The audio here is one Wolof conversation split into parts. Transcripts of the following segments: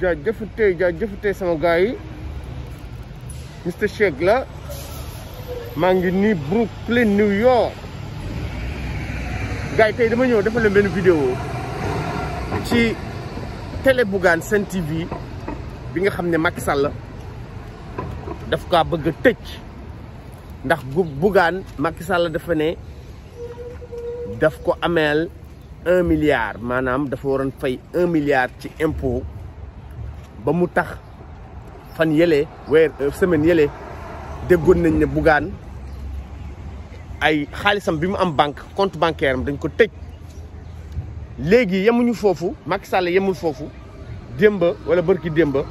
jaajëfatee jaajëfatee sama gars yi Mister Shake la maa ngi Brooklyn New York gars yi tey dama ñëw defal leen benn vidéo ci télé Bougane Sen TV bi nga xam ne Macky Sall daf kaa bëgg a tëj ndax Bougane Macky Sall dafa ne daf ko ameel milliard maanaam dafa waroon fay 1 milliard ci impôt ba mu tax fan yële weer euh, semaine yële déggoon nañ ne Bougane ay xaalisam bi mu am banque compte bancaire am dañ ko tëj léegi yemuñu foofu Macky Sall yemul foofu démba wala bërki démba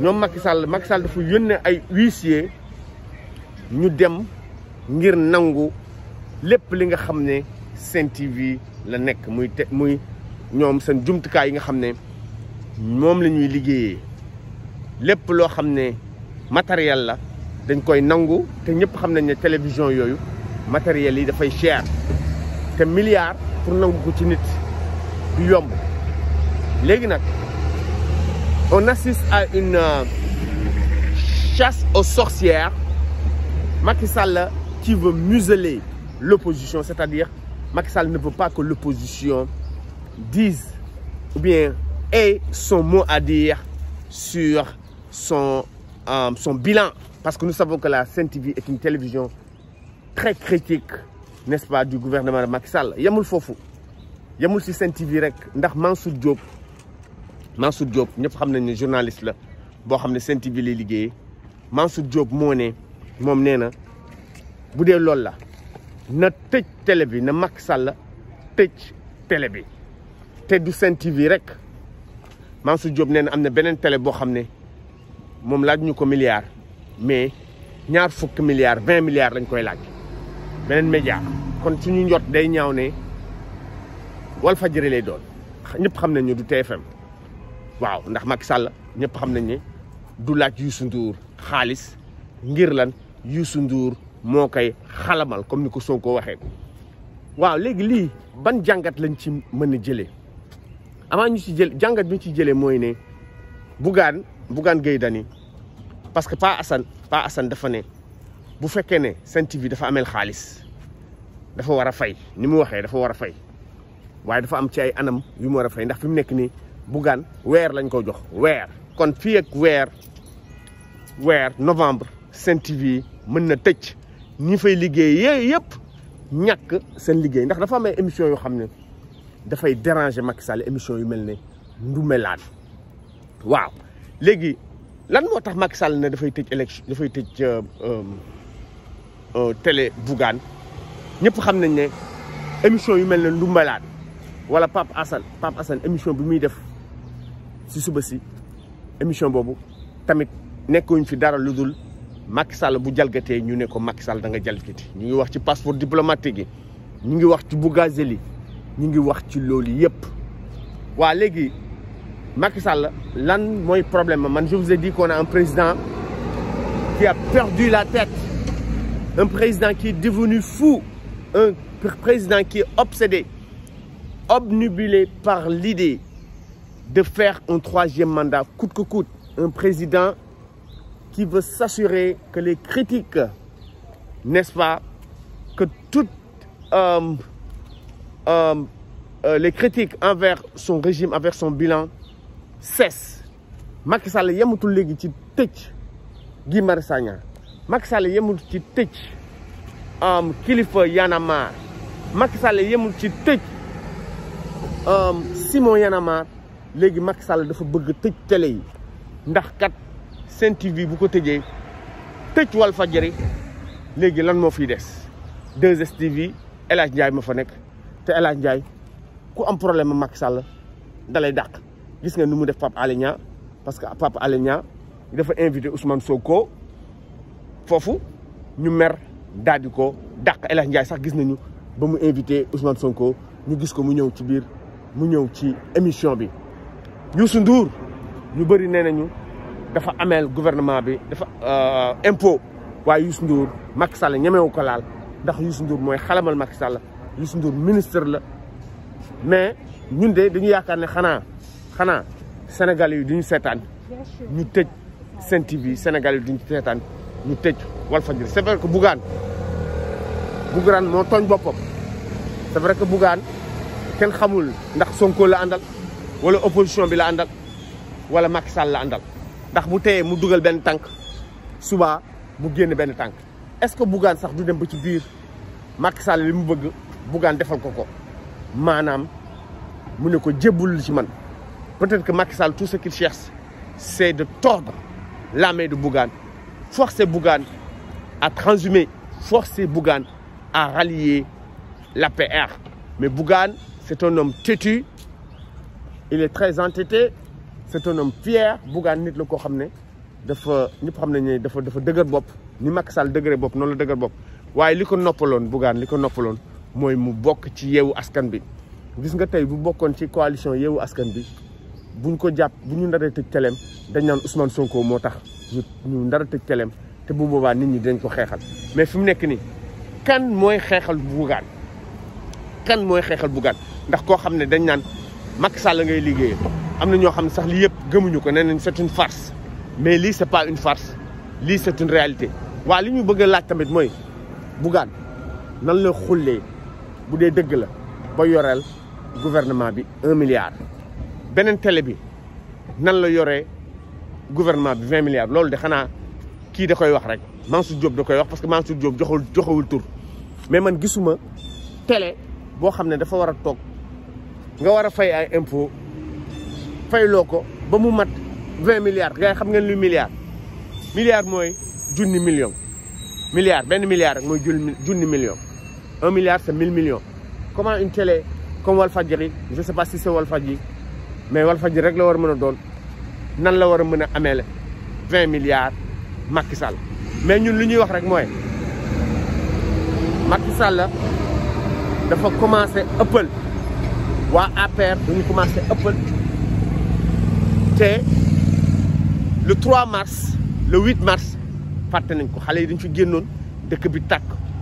ñoom Macky Sall Macky Sall dafa yónnee ay huissier ñu dem ngir nangu lépp li nga xam ne senti TV la nekk muy te muy ñoom seen jumtukaay yi nga xam ne Nous la ñuy liggéeyee lépp loo xam ne matériel la dañ koy nangu te ñëpp xam nañ ne télévision yooyu matériel yi dafay cher te milliard pour nangu ko ci nit on assiste à une euh, chasse aux sorcières Macky Sall qui veut museler l'opposition c'est-à-dire Macky Sall ne veut pas que l'opposition dise ou bien et son mot à dire sur son, euh, son bilan. Parce que nous savons que la CNTV est une télévision très critique, n'est-ce pas, du gouvernement de Macky Sall. y Fofou, Yamoul si CNTV rek, ndax Mansour Diop, Mansour Diop, ñëpp xam un journaliste la, boo xam ne CNTV lay liggéeyee. Mansour Diop moo la na télé bi na Macky Sall télé bi du Sen TV rek Mansour Diop nee na am na beneen télé boo xam ne moom laaj ñu ko milliard mais ñaar fukk milliards vingt milliards lañ koy laaj beneen média kon suñu njot day ñaaw ne Walfadjri lay doon ñëpp xam nañ ne du TFM waaw ndax Macky Sall ñëpp xam nañ ne du laaj Youssou Ndour xaalis ngir lan Youssou Ndour moo koy xalamal comme ni ko Sonko waxee waaw léegi lii ban jàngat lañ ci mën a jëlee. avant ñu ci jël jangat bi ci parce que Pa Assane Pa Assane dafa né bu féké né Sen TV dafa amel dafa wara fay ni mu waxé dafa wara fay dafa am ci ay anam yu mu fay ndax nek ni bugan wèr lañ ko jox kon ak novembre TV na ñi fay liggéey yépp liggéey ndax dafa émission dafay déranger Macky Sall émission yu mel ne Ndoumbelane waaw légui lan moo tax Macky Sall ne dafay tëj élection euh, euh euh télé Bougane ñepp xam nañ ne émission yu mel ne Ndoumbelane wala Pape Assane Pape Assane émission bi muy def ci suba ci émission bobu tamit nekkuñ fi dara lu Macky Sall bu jalgatee ñu né ko Macky Sall da nga jalgati ñu ngi wax ci passeport diplomatique yi ñu ngi wax ci Bougazeli ngi wax ci loolu waa léegi Macky Sall lan mooy problème je vous ai dit qu'on a un président qui a perdu la tête un président qui est devenu fou un président qui est obsédé obnubilé par l'idée de faire un troisième mandat coûte que coûte un président qui veut s'assurer que les critiques n'est-ce pas que tout... Euh, euh, euh, les critiques envers son régime, envers son bilan cessent. Macky Sall yematul léegi ci tëj Guy Marius Macky Sall yemul ci tëj Kilifeu Y'en a Macky Sall yemul ci de Simon Yanama a marre léegi Macky Sall dafa bëgg de télé yi ndax kat Sen TV bu ko tëjee tëj Walfadjri léegi lan moo fiy des deux stv El Hadj ma fa nekk te El Hadj Ndiaye ku am problème mu Macky Sall da dàq gis nga nu mu def Pape Alé Niang parce que pap ale Niang dafa invité Ousmane Sonko foofu ñu mer daal ko dàq El Hadj sax gis nañu ba mu invité Ousmane Sonko ñu gis ko mu ñëw ci biir mu ñëw ci émission bi. Youssou Ndour ñu bëri nee nañu dafa ameel gouvernement bi dafa euh, impôt waaye Youssou Ndour Macky Sall ñemewu ko laal ndax Youssou Ndour mooy xalamal Macky Sall. Youssou Ndour ministre la mais ñun de dañu yaakaar ne xanaa xanaa Sénégalais yi duñu seetaan ñu tëj Sen TV Sénégalais yi duñu seetaan ñu tëj Walfadjri c'est vrai que Bougane Bougane moo tooñ boppam c'est vrai que Bougane kenn xamul ndax Sonko la àndal wala opposition bi la àndal wala Macky Sall la àndal ndax bu teyee mu dugal benn tànk suba mu génn benn tànk est-ce que Bougane sax du dem ba ci biir Macky Sall li mu bëgg Bougane defal ko manam maanaam mu ne ko djebul ci man peut-être que Macky Sall tout ce qu'il cherche c'est de tordre l'armée de Bougane forcer Bougane à transhumer forcer Bougane à rallier la PR mais Bougane c'est un homme têtu il est très entêté c'est un homme fier Bougane nit le ko xamné dafa ñëpp xamné nañ dafa dafa dëgër bopp ni Macky Sall dëgëre bop non la dëgër bop waye liko noppalon noppaloon Bougane li ko mooy mu bokk ci yeewu askan bi gis nga tey bu bokkoon ci coalition yeewu askan bi buñ ko jàpp bu ñu nar a tëj keleem dañ naan Ousmane Sonko moo tax ñu ñu nar tëj keleem te bu boobaa nit ñi dañ ko xeexal mais fi mu nekk nii kan mooy xeexal bugaan kan mooy xeexal bugaan ndax koo xam ne dañ naan Macky Sall la ngay liggéeyee am na ñoo xam sax lii yëpp gëmuñu ko nee nañ c'est une farce mais lii c'est pas une farce lii c'est une réalité waa li ñu bëgg a laaj tamit mooy bugaan nan la xullee bu dee dëgg la ba yoreel gouvernement bi un milliard beneen télé bi nan la yore gouvernement bi vingt milliards loolu de xanaa kii da koy wax rek Mansour Diop da koy wax parce que Mansour Diop joxul joxewul tur mais man gisuma télé boo xam ne dafa war a toog nga war a fay ay fay fayloo ko ba mu mat vingt milliards ngay xam ngeen luy milliard milliard mooy junni million milliard benn milliard rek mooy junni million 1 milliard, c'est 1000 millions. Comment une télé comme Walfadjiri, je ne sais pas si c'est Walfadjiri, mais Walfadjiri règle la donne, nan la donne 20 milliards Macky Sall. Mais nous, ce qu'on dit, c'est Macky Sall dafa commencer ëppal waa APR dañu commencer Apple. et le 3 mars le 8 mars nous avons fait. un yi dañ fi bi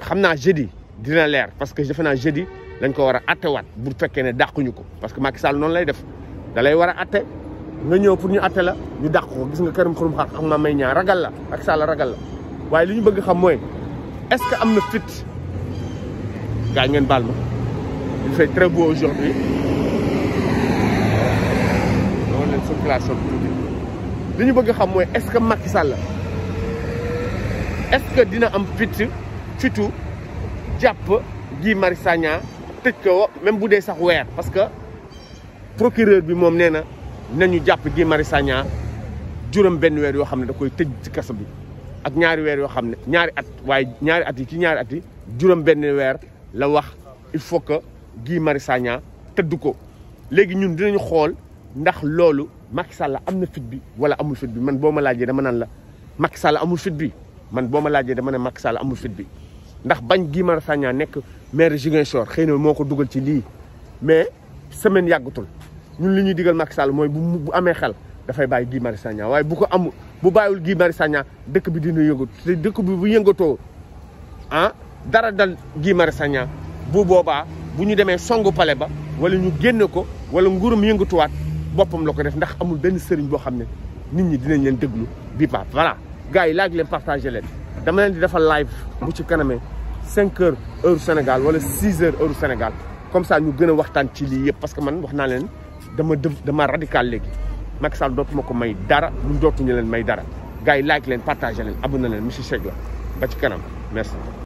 xam naa jeudi dina leer parce que defe naa jeudi lañ ko war a attewaat bu fekkee ne dàquñu ko parce que Macky noonu lay def da lay war atte nga ñëw pour ñu atte la ñu dàq gis nga këram xurum xaar xam naa may ñaar ragal la ak Sall ragal la waaye li ñu bëgg xam mooy est-ce que am na fit gaa ngeen baal ma il fait très beau aujourd'hui loolu leen ñu bëgg xam mooy est-ce que Macky Sall est-ce que dina am fit fitu jàpp Guy mari Sagna tëj ko même bu dee sax weer parce que procureur bi moom nee na nañu jàpp Guy Marius Sagna juróom benn weer yoo xam ne da koy tëj ci kaso bi ak ñaari yoo xam ne ñaari at waaye ñaari at yi ci ñaari at yi juróom benn weer la wax il faut que Guy Marius Sagna tëdd ko léegi ñun dinañu xool ndax loolu Macky la am na fit bi wala amul fit bi man boo ma laajee dama naan la Macky Sall amul fit bi man boo ma laajee dama ne Macky Sall amul fit bi ndax bañ gi Marius Sagna nek maire jigen xëy xeyna moko duggal ci li mais semaine yàggatul ñun li ñuy digal Sall moy bu amé xel da fay bay gi Marius Sagna waye bu ko am bu bayul gi Marius Sagna dekk bi dina yegut te dekk bi bu yëngatoo ah dara dal gi Marius bu boba, bu ñu paleba, songu palais ba wala ñu génné ko wala nguuram yengutu wat bopam lako def ndax amul ben serigne bo xamné nit ñi dinañ leen bi voilà gaay laag leen partager leen dama leen di defal live bu ci kaname cinq heures heure Sénégal wala six heures heure Sénégal comme ça ñu gën a waxtaan ci lii yëpp parce que man wax naa leen dama dëf dama radical léegi Macky Sall dootuma ko may dara mu dootuñu leen may dara gars yi like leen partage leen na leen monsieur Cheikh la ba ci kanam merci